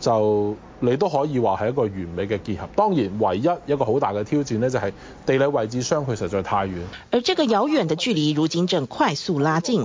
就你都可以話係一個完美嘅結合。當然，唯一一個好大嘅挑戰咧，就係地理位置相距實在太遠，而這個遙遠嘅距離如今正快速拉近。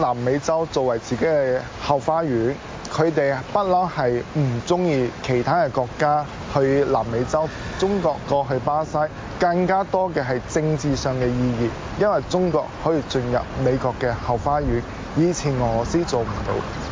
南美洲作為自己嘅後花園，佢哋不嬲係唔中意其他嘅國家去南美洲。中國過去巴西，更加多嘅係政治上嘅意義，因為中國可以進入美國嘅後花園，以前俄羅斯做唔到。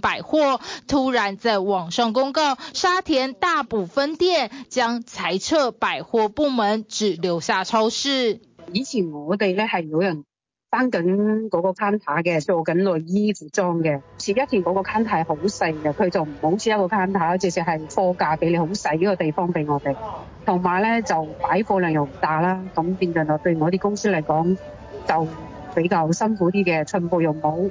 百貨突然在網上公告，沙田大埔分店將裁撤百貨部門，只留下超市。以前我哋咧係有人翻緊嗰個 counter 嘅，做緊內衣服裝嘅。沙田嗰個 counter 係好細嘅，佢就唔好似一個 counter，直接係貨架俾你好細嗰個地方俾我哋。同埋咧就擺貨量又唔大啦，咁變咗落對我啲公司嚟講就比較辛苦啲嘅，進步又冇。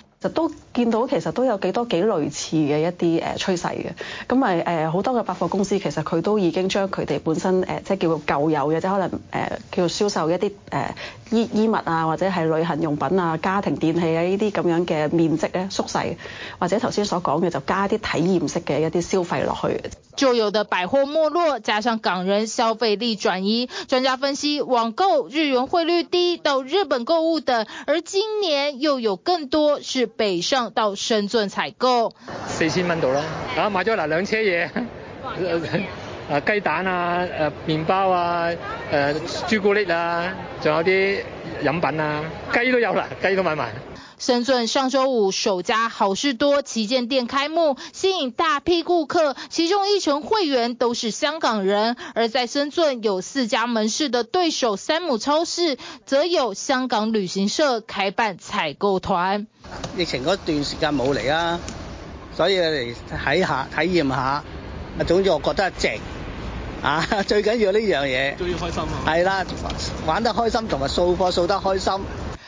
就都見到，其實都有幾多幾類似嘅一啲誒、呃、趨勢嘅，咁咪誒好多嘅百貨公司其實佢都已經將佢哋本身誒、呃、即係叫做舊有嘅，即可能誒、呃、叫做銷售一啲誒衣衣物啊，或者係旅行用品啊、家庭電器啊呢啲咁樣嘅面積咧縮細或者頭先所講嘅就加啲體驗式嘅一啲消費落去。舊有的百貨沒落，加上港人消費力轉移，專家分析網購、日元匯率低到日本購物等，而今年又有更多是。北上到深圳採購，四千蚊度啦，啊買咗嗱兩車嘢，啊雞蛋啊，誒麵包啊，誒朱古力啊，仲有啲飲品啊，雞都有啦，雞都買埋。深圳上周五首家好事多旗艦店開幕，吸引大批顧客，其中一成會員都是香港人。而在深圳有四家門市的對手山姆超市，則有香港旅行社開辦採購團。疫情嗰段時間冇嚟啊，所以嚟睇下體驗下。啊，總之我覺得值。啊，最緊要呢樣嘢。最開心啊。係啦，玩得開心同埋掃貨掃得開心。